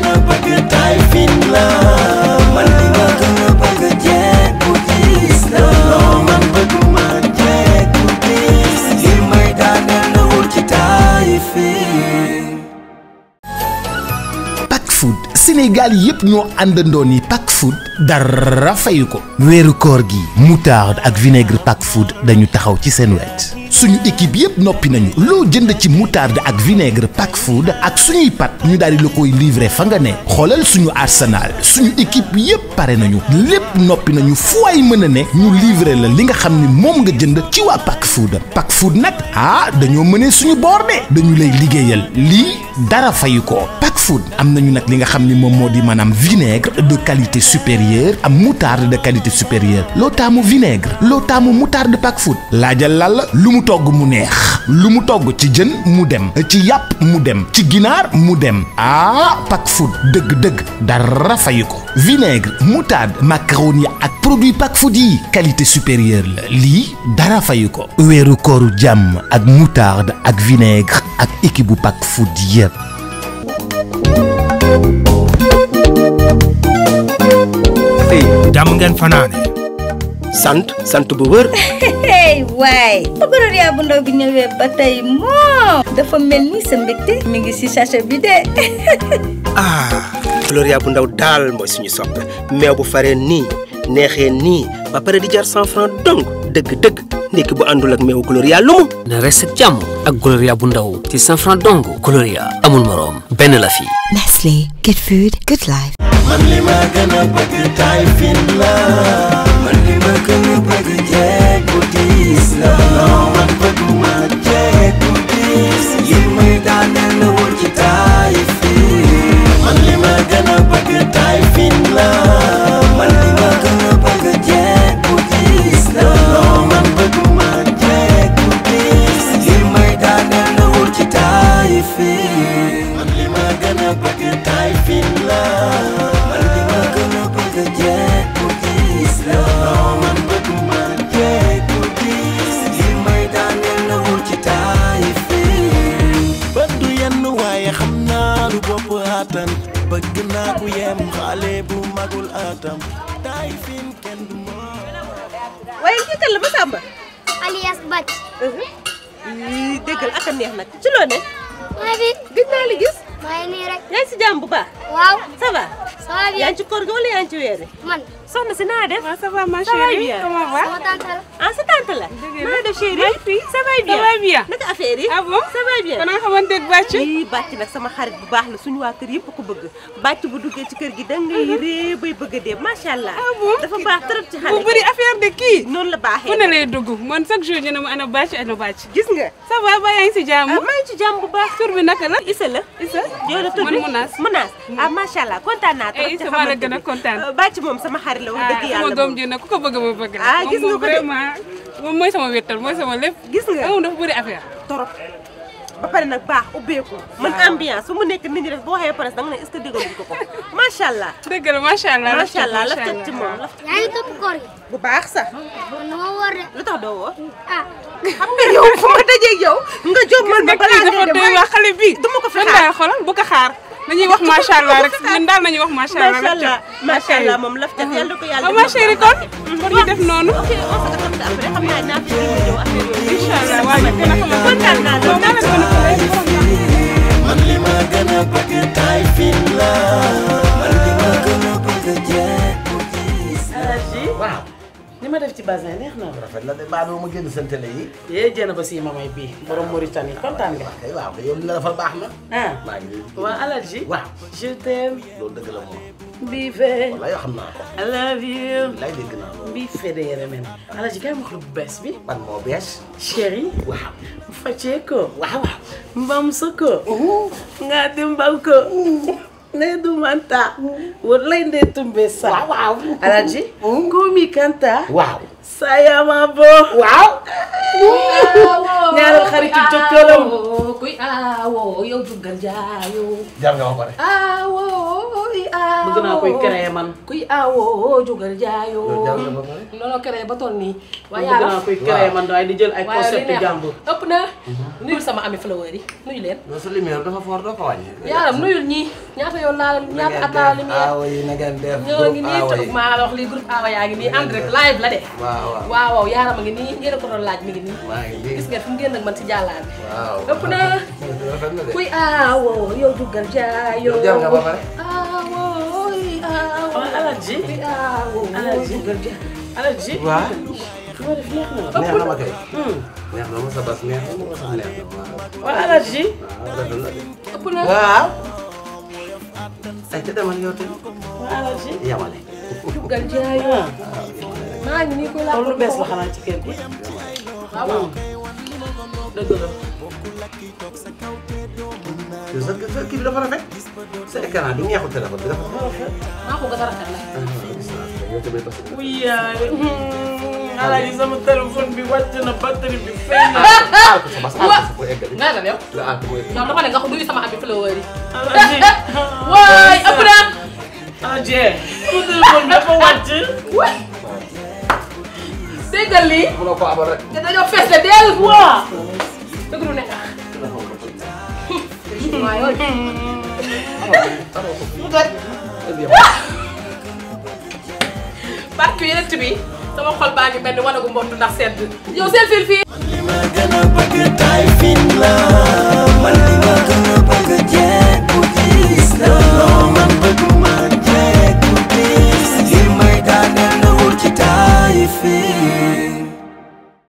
gën a bëgg Taïfin la Sénégal yépp ñoo àndandoon ni pack food dara fayu ko weeru koor gi moutarde ak vinegre pack food dañu taxaw ci seen wet suñu équipe yépp noppi nañu loo jënd ci moutarde ak vinegre pack food ak suñuy pat ñu daal di la koy livrer fa nga ne xoolal suñu arsenal suñu équipe yépp pare nañu lépp noppi nañu fu ay mën a ne ñu livrer la li nga xam ne moom nga jënd ci waa pack food pack food nag ah dañoo mënee suñu boor de dañu lay liggéeyal lii dara fayu ko food am nañu nag li nga xam ni moom moo di maanaam vinaigre de qualité supérieure am moutarde de qualité supérieure loo taamu vinaigre loo taamu moutarde pack food laajal lalla lu mu togg mu neex lu mu togg ci jën mu dem ci yàpp mu dem ci ginaar mu dem ah pack food dëgg-dëgg dara fayu ko vinaigre moutarde macaroni ak produit pack food yi qualité supérieure la lii dara fayu ko weeru kooru jàmm ak moutarde ak vinaigre ak équipe bu pack food yëpp jàmm ngeen fanaane sant sant bu wër waay bëggoon yaa bu ndaw bi ñëwee ba tey moom dafa mel ni sa mbégte mi ngi si sachet bi de ah Gloria bu ndaw daal mooy suñu soppe meew bu faree nii neexee nii ba pare di jar cent francs dong dëgg-dëgg ndekki bu àndul ak meewu Gloria lu mu na reset ak Gloria bu ndaw ci 100 francs dong Gloria amul moroom benn la fii Nestlé gonna pakai taifin lah Paling mah kena pekerja kukis lah Oman berkembang je kukis Di maidan yang nak uji taifin Bandu yang nuwaya khamna lupa perhatan Bëgg naa ku yem xale bu magul atam taifin kenn du ma waaye kii kan la ma sàmba alias Bac uh-huh. déggal ak a neex nag ci loo ne maa bi gis naa la gis maa ngi nii rek. yaa ngi si jàmm bu baax. waaw ça va. yaa ci koor gi wala yaa ngi ci weer bi. man soxna si naa def. ça va ma chérie comment va. sama tante la ah, sa la. naa def chérie maa fi ça va bien ça va bien. naka affaire yi. ah bon ça va bien. kon nga xamante ne bàcc. sama xarit bu baax la suñu waa kër yëpp ko bëgg bàcc bu duggee ci kër gi da ngay uh-huh. ree bay bëgg dee macha allah. ah bon dafa baax trop ci xale bu bëri kii. noonu la baaxee fu ne lay dugg man chaque jour ñu ne ma ana bàcc ana bàcc. gis nga ça va ba yaa ngi si ah, bu baax tur bi naka la. Issa la Issa. yow la tudd Menace ah macha allah kontaan naa trop te eh, xamante gën a kontaan euh, bàcc moom sama xarit la wax dëgg ah, yàlla sama doom ji nag ku ko bëgg ma bëgg ah gis nga ko vraiment moom mooy sama wéttal mooy sama lépp gis nga moom dafa bëri affaire trop ba pare nag baax ubbeeku man ambiance fu mu nekk nit ñi def boo waxee presse danga ne est-ce que déggoon ko ko macha allah dëgg la macha allah macha allah la cat ci moom la yaa ngi topp koor yi bu baax sax dama woor de lu tax doo woor ah xam nga yow fu ma dajee yow nga jommal ma balaa nga dem xale bi duma ko fi xaar xoolal bu ko xaar nañuy wax macha allah rek ñun daal nañuy wax macha allah. macha allah macha allah moom laf cat yàlla ko yàlla. Oh, ma chérie kon pour ñu def noonu. ok on se xam ne après xam naa naa fi ñëw affaire yooyu. incha allah la de mbaa doo ma génn seen télé yi. yee jën ba si ma may bii. borom Mauritanie kontaan nga. waaw waaw yow li la dafa baax na. ah maa ngi lay. waa Aladji. waaw je t'aime. loolu dëgg la moom. bii fee. wala yoo xam naa ko. I love you. lay dégg naa loolu. bii fee de yére mel. Aladji kay wax lu bees bi. ban moo bees. chéri. waaw. mu fàccee ko. waaw waaw. mbam sa ko. ngaa dimbal ko. ne du manta. wallaay ndey tumbe sa. waaw waaw. alaaji. Ngumi Kanta. waaw. sayama boo. waaw. ñaareel xarit ci jokkalam. kuy aawoo yow duggal jaayoo. jàmm nga ma aawoo bëgg naa kuy créé man. kuy aawoo jugal jaayoo. looloo créé ba toll nii. waaye bëgg naa kuy créé man waaye di jël ay concept jàmbur. ëpp na mhm. nuyul sama ami flowers yi leen. sa lumière dafa fort doo ko wàññi. yaaram nuyul ñii ñaata yoon laa ñaata at laa lumière. aawa yi na ngeen def ñoo ngi nii toog maa la lii groupe aawa yaa ngi nii en live la de. waaw waaw yaaram a ngi nii yéen a laaj mi ngi nii. gis nga fu man si jàllaan ëpp na kuy aawoo yow jugal jaayoo. Aladji Aladji Aladji waaw. neex na ma kay. Hmm. neex na ma sa bas neex na ma sa neex na ma. waaw Aladji. ëpp na waaw. ay te demal yow tamit. waaw Aladji yamale. dugal jaay waaw. Ah, maa ngi nii ko laa lu bees la xanaa ci kër gi. waaw hmm. dëgg la. sa kii bi dafa rafet sa écran bi neexul téléphone bi dafa rafet. maa ko gën a rafet la. alaaji sama téléphone bi wàcc na batterie bi feeñ na. ah ko sama sa àll ko eggali. nga def yow. la àll ko eggali. non dama ne nga nuyu sama abi flower yi. alaaji. Ah, waay ah, ëpp na. alaaji. sama téléphone bi dafa wàcc. waay. déggal lii. munoo ko abal rek. te dañoo fees la dell. waaw. dëgg lu 마요. barke yonent bi sama xol baa ngi mel ni wanagu mbott ndax sedd yow seen fil fii.